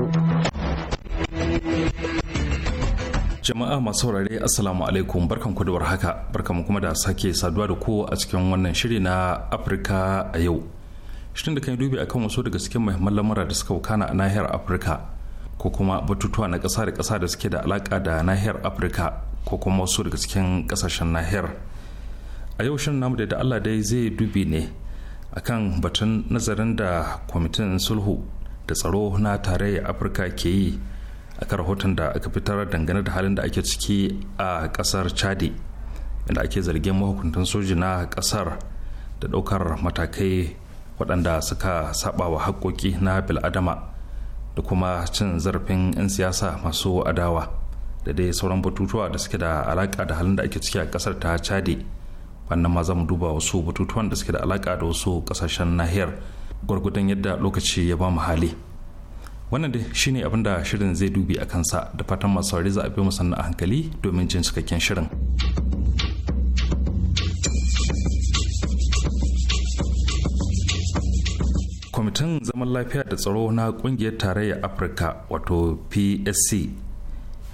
jama'a masu saurare assalamu alaikum barkan ku da warhaka barkan kuma da sake saduwa da ku a cikin wannan shiri na afirka a yau shirin da kan yi dubi akan wasu daga cikin muhimman lamura da suka wakana a nahiyar afirka ko kuma batutuwa na ƙasa da ƙasa da suke da alaƙa da nahiyar afirka ko kuma wasu daga cikin ƙasashen nahiyar a yau shirin namu da allah dai zai dubi ne akan batun nazarin da kwamitin sulhu da tsaro na tarayyar afirka ke yi akan rahoton da aka fitar dangane da halin da ake ciki a ƙasar chadi inda ake zargin mahukuntan soji na ƙasar da ɗaukar matakai waɗanda suka saba wa haƙoƙi na bil'adama da kuma cin zarafin 'yan siyasa masu adawa da dai sauran batutuwa da suke da alaƙa da halin da ake ciki a ƙasar ta chadi wannan ma za mu duba wasu batutuwan da suke da alaƙa da wasu ƙasashen nahiyar gwargwadon yadda lokaci ya ba mu hali wannan dai shine abin da shirin zai dubi a kansa da fatan masu saurari za a bi mu a hankali domin jin cikakken shirin. kwamitin zaman lafiya da tsaro na kungiyar tarayyar afirka wato psc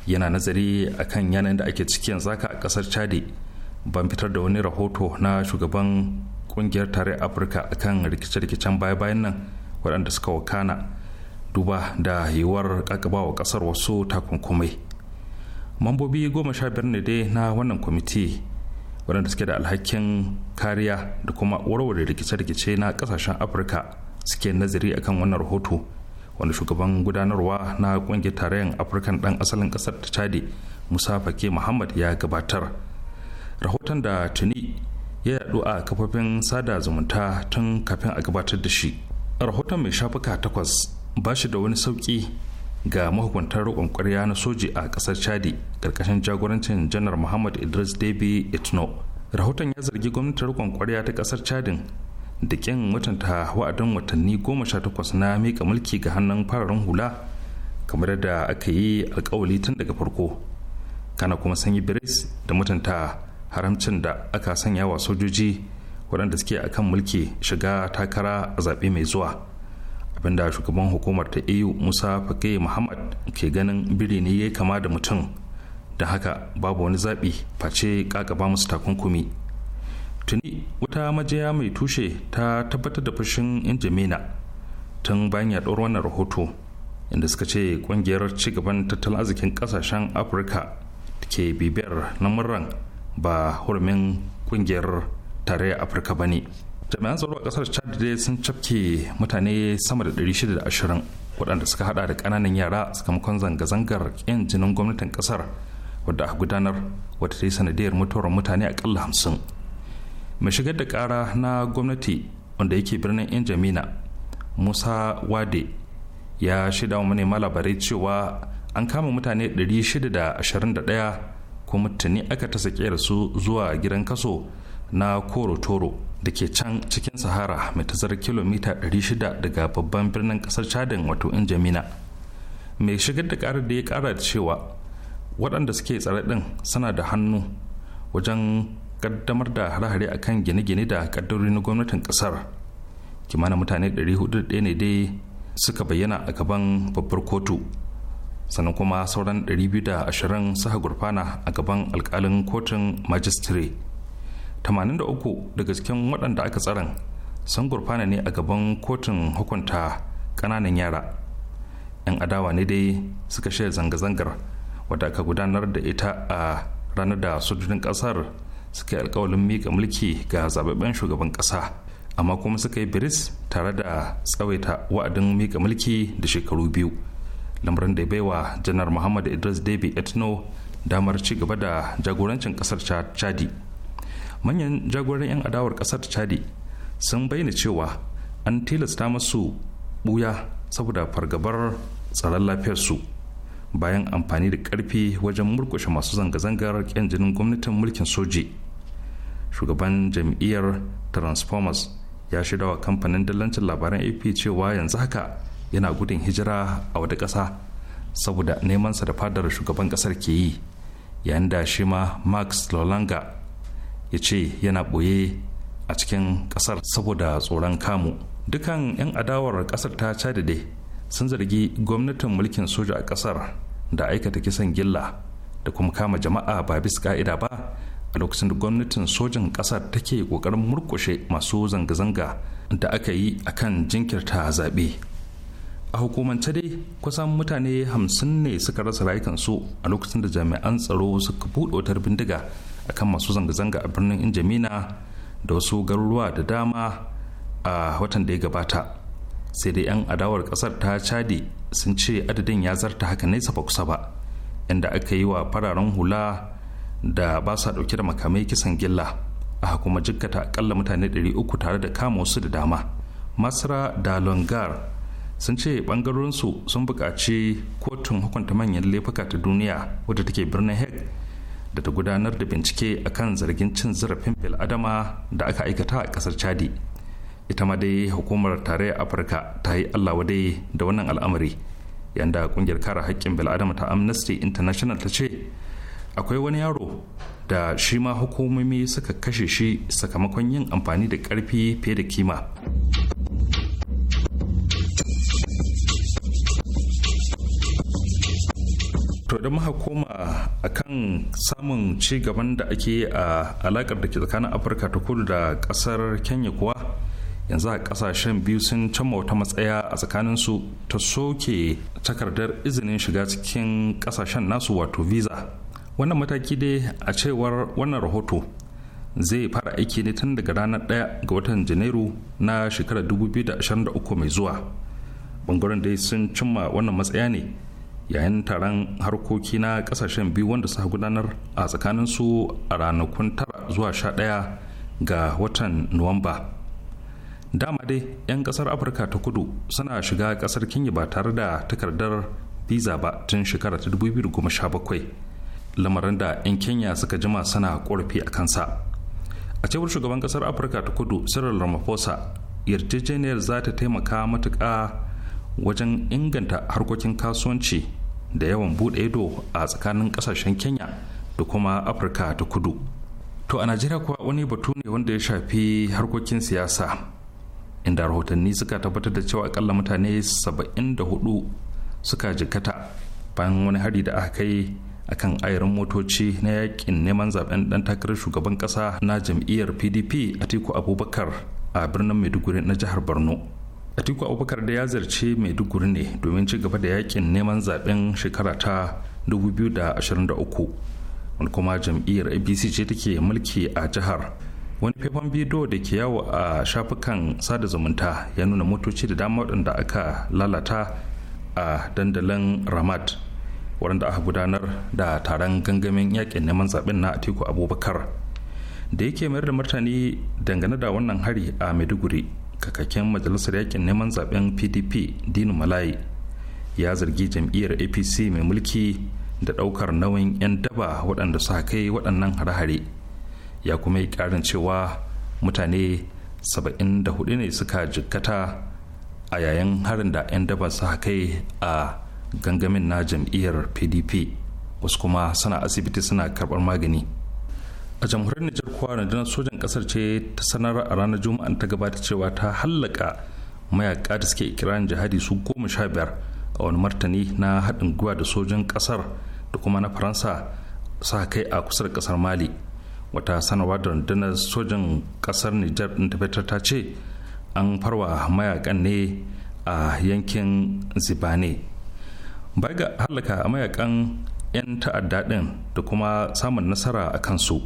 yana nazari a kan yanayin da ake cikin zaka a kasar chadi ban fitar da wani rahoto na shugaban kungiyar tarayyar afirka a kan rikice-rikicen baya-bayan nan waɗanda suka wakana duba da yiwuwar kakabawa kasar wasu takunkumai mambobi goma sha biyar ne dai na wannan kwamiti waɗanda suke da alhakin kariya da kuma warware rikice-rikice na ƙasashen afirka suke nazari akan wannan rahoto wanda shugaban gudanarwa na kungiyar tarayyar afirkan dan asalin kasar ta chadi musa fake muhammad ya gabatar rahoton da tuni ya yadu a kafofin sada zumunta tun kafin a gabatar da shi rahoton mai shafuka takwas ba shi da wani sauki ga mahukuntar riƙon ƙwarya na soji a ƙasar chadi ƙarƙashin jagorancin janar muhammad idris debi etno rahoton ya zargi gwamnatin riƙon ƙwarya ta ƙasar chadin da ƙin mutunta wa'adin watanni goma sha takwas na miƙa mulki ga hannun fararen hula kamar da aka yi alkawali tun daga farko kana kuma sanyi biris da mutunta haramcin da aka sanya wa sojoji waɗanda suke a kan mulki shiga takara a zaɓe mai zuwa abinda shugaban hukumar ta eu musa fake muhammad ke ganin biri ne ya kama da mutum da haka babu wani zaɓi face ƙaƙaba musu takunkumi tuni wata majiya mai tushe ta tabbatar da fushin injimina tun bayan yaɗuwar wannan rahoto inda suka ce kungiyar cigaban tattalin arzikin ƙasashen afirka da ke bibiyar lamuran ba hurumin kungiyar tarayyar afirka ba ne jami'an tsaro a kasar chad dai sun cafke mutane sama da 620 waɗanda suka hada da ƙananan yara sakamakon zanga-zangar yan jinin gwamnatin ƙasar wadda aka gudanar wata ta yi sanadiyar mutuwar mutane akalla hamsin mai shigar da kara na gwamnati wanda yake birnin injamina musa wade ya shida wa manema labarai cewa an kama mutane 621 kuma tuni aka ta sake su zuwa gidan kaso na korotoro da ke can cikin sahara mai tazar kilomita 600 daga babban birnin kasar chadin wato injamina mai shigar da karar da ya kara cewa waɗanda suke tsare ɗin suna da hannu wajen kaddamar da hare-hare a kan gine-gine da kaddarori na gwamnatin kasar kimanin mutane 401 ne dai suka bayyana a gaban babbar kotu sannan kuma sauran 220 suka gurfana a gaban alkalin kotun majistire 83 daga cikin waɗanda aka tsaron sun gurfana ne a gaban kotun hukunta ƙananan yara 'yan adawa ne dai suka shirya zanga-zangar wadda aka gudanar da ita a ranar da sojojin ƙasar suka yi alkawalin mika mulki ga zababben shugaban ƙasa amma kuma suka yi biris tare da tsawaita wa'adin mika mulki da shekaru biyu lamarin da baiwa janar muhammad idris debi etno damar ci gaba da jagorancin kasar chadi manyan jagoran 'yan adawar ƙasar chadi sun bayyana cewa an tilasta masu buya saboda fargabar tsaron lafiyarsu bayan amfani da ƙarfi wajen murkushe masu zanga-zangar ƙyan jinin gwamnatin mulkin soji shugaban jam'iyyar transformers ya shaida wa kamfanin dallancin labaran ap cewa yanzu haka yana gudun hijira a wata ƙasa saboda nemansa da fadar shugaban ƙasar ke yi yayin da shi ma max lolanga ya ce yana ɓoye a cikin ƙasar saboda tsoron kamu dukan 'yan adawar ƙasar ta chadide sun zargi gwamnatin mulkin soja a kasar da aikata kisan gilla da kuma kama jama'a ba bisa ka'ida ba a lokacin da gwamnatin sojan kasar take kokarin murkushe masu zanga-zanga da aka yi a kan jinkirta zaɓe a hukumance dai kusan mutane hamsin ne suka rasa rayukansu a lokacin da jami'an tsaro suka buɗe wutar bindiga kan masu zanga-zanga a birnin injamina da wasu garuruwa da dama a watan da ya gabata sai dai 'yan adawar kasar ta chadi sun ce adadin ya zarta haka nesa ba kusa ba inda aka yi wa fararen hula da ba sa dauke da makamai kisan gilla a kuma jikkata akalla mutane 300 tare da kama wasu da dama masra da longar sun ce bangarorinsu sun buƙaci kotun hukunta manyan laifuka ta duniya wadda take birnin hek da ta gudanar da bincike akan zargin cin zarafin bil'adama da aka aikata a kasar chadi ita ma dai hukumar tarayyar afirka ta yi allah wadai da wannan al'amari yanda kungiyar kare haƙƙin bil'adama ta amnesty international ta ce akwai wani yaro da shi ma hukumomi suka kashe shi sakamakon yin amfani da ƙarfi fiye da kima to da muka koma akan samun ci gaban da ake a alakar da ke tsakanin afirka ta kudu da ƙasar kenya kuwa yanzu a kasashen biyu sun cimma wata matsaya a tsakaninsu ta soke takardar izinin shiga cikin kasashen nasu wato visa wannan mataki dai a cewar wannan rahoto zai fara aiki ne tun daga ranar 1 ga watan janairu na shekarar 2023 mai zuwa bangaren dai sun cimma wannan matsaya ne yayin taron harkoki na kasashen biyu wanda suka gudanar a tsakaninsu a ranakun 9 zuwa 11 ga watan nuwamba dama dai 'yan kasar afirka ta kudu suna shiga kasar kenya ba tare da takardar visa ba tun shekara ta 2017 lamarin da 'yan kenya suka jima suna korafi a kansa a cewar shugaban kasar afirka ta kudu cyril ramaphosa yarjejeniyar za ta taimaka matuka wajen inganta harkokin kasuwanci da yawan buɗe ido a tsakanin ƙasashen kenya da kuma afirka ta kudu to a najeriya kuwa wani batu ne wanda ya shafi harkokin siyasa inda rahotanni suka tabbatar da cewa akalla mutane 74 suka jikata bayan wani hari da aka kai akan ayarin motoci na yakin neman zaben dan takarar shugaban kasa na jam'iyyar pdp atiku abubakar a birnin maiduguri na jihar borno atiku abubakar da ya zarce maiduguri ne domin ci gaba da yakin neman zaben shekara ta 2023 wani kuma jam'iyyar abc ce take mulki a jihar wani faifan bidiyo da ke yawo a shafukan sada zumunta ya nuna motoci da dama waɗanda aka lalata a dandalin ramat waɗanda aka gudanar da taron gangamin yakin neman zaɓen na atiku abubakar da yake mayar da martani dangane da wannan hari a maiduguri kakakken majalisar yakin neman zaɓen pdp dinu malayi ya zargi jam'iyyar apc mai mulki da ɗaukar nauyin 'yan daba waɗanda su kai waɗannan hare-hare ya kuma yi ƙarin cewa mutane 74 ne suka jikkata a yayin harin da 'yan daba suka kai a gangamin na jam'iyyar pdp wasu kuma suna asibiti suna karbar magani a jamhuriyar nijar kuwa rundunar sojan kasar ce ta sanar a ranar juma'an ta gabata cewa ta hallaka mayaka da suke ikirarin jihadi su goma sha biyar a wani martani na haɗin gwiwa da sojan kasar da kuma na faransa sa kai a kusur kasar mali wata sanarwa da rundunar sojin kasar nijar ɗin tabbatar ta ce an farwa mayakan ne a yankin zibane bai ga halaka mayakan 'yan ta'adda ɗin da kuma samun nasara a kansu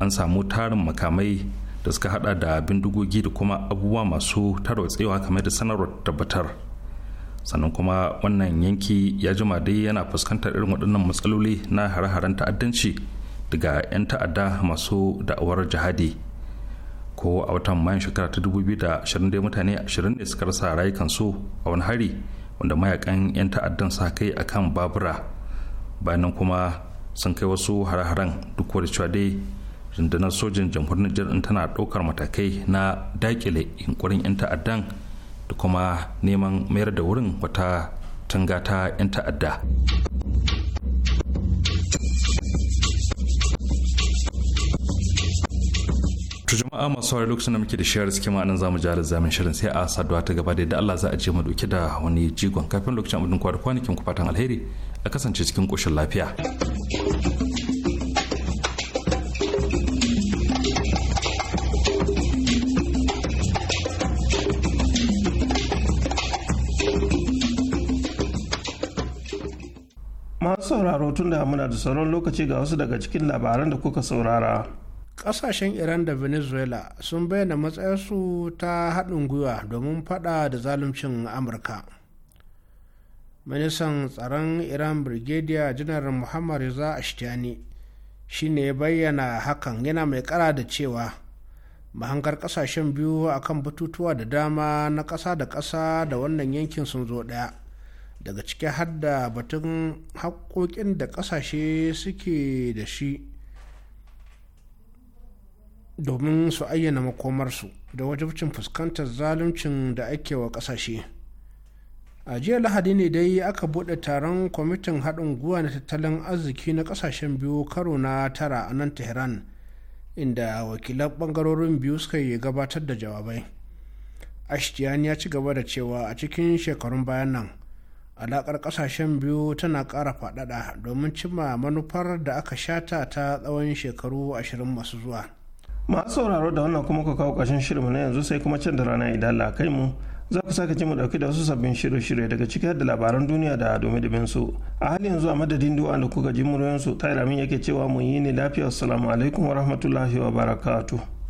an samu tarin makamai da suka hada da bindigogi da kuma abubuwa masu tarwatsewa kamar da sanarwar tabbatar sannan kuma wannan yanki ya jima dai yana fuskantar irin waɗannan matsaloli na hare-haren ta'addanci daga 'yan ta'adda masu da'awar jihadi ko a watan mayan shekara ta 2020 da mutane 20 ne suka rasa rayukansu a wani hari wanda mayakan 'yan ta'addan sa kai akan babura bayanan kuma sun kai wasu hare-haren duk wani cewa dai rundunar sojin jamhuriyar Nijar tana ɗaukar matakai na dakile yunkurin 'yan ta'addan da kuma neman mayar da wurin wata tanga ta 'yan ta'adda. wato jama'a masu saurari lokacin da muke da shiyar suke ma nan zamu jara zamin shirin sai a saduwa ta gaba da yadda Allah za a je mu dauke da wani jigon kafin lokacin abin kwa da kwanakin ku fatan alheri a kasance cikin koshin lafiya. masu sauraro tun da muna da sauran lokaci ga wasu daga cikin labaran da kuka saurara. kasashen iran da venezuela sun bayyana matsayarsu ta haɗin gwiwa domin fada da zaluncin amurka ministan tsaron iran brigadier janar muhammad reza shi shine ya bayyana hakan yana mai kara da cewa mahangar kasashen biyu akan batutuwa da dama na ƙasa da ƙasa da wannan yankin sun zo ɗaya daga ciki har da batun haƙoƙin da ƙasashe suke da shi domin su ayyana makomarsu da wajibcin fuskantar zaluncin da ake wa kasashe a jiya lahadi ne dai aka buɗe taron kwamitin haɗin guwa na tattalin arziki na ƙasashen biyu karo na tara a nan tehran inda wakilan bangarorin biyu suka yi gabatar da jawabai ashtiyan ya ci gaba da cewa a cikin shekarun bayan nan alaƙar ƙasashen biyu tana ƙara faɗaɗa domin cimma manufar da aka shata ta tsawon shekaru ashirin masu zuwa masu sauraro da wannan kuma ka kawo ƙarshen shirinmu na yanzu sai kuma can da rana idan Allah kai mu za ku sake ji mu dauki da wasu sabbin shirye-shirye daga cikin da labaran duniya da dumi su a hali yanzu a madadin du'a da kuka ji muryoyin su tayar yake cewa mun yi ne lafiya assalamu alaikum wa rahmatullahi wa barakatuh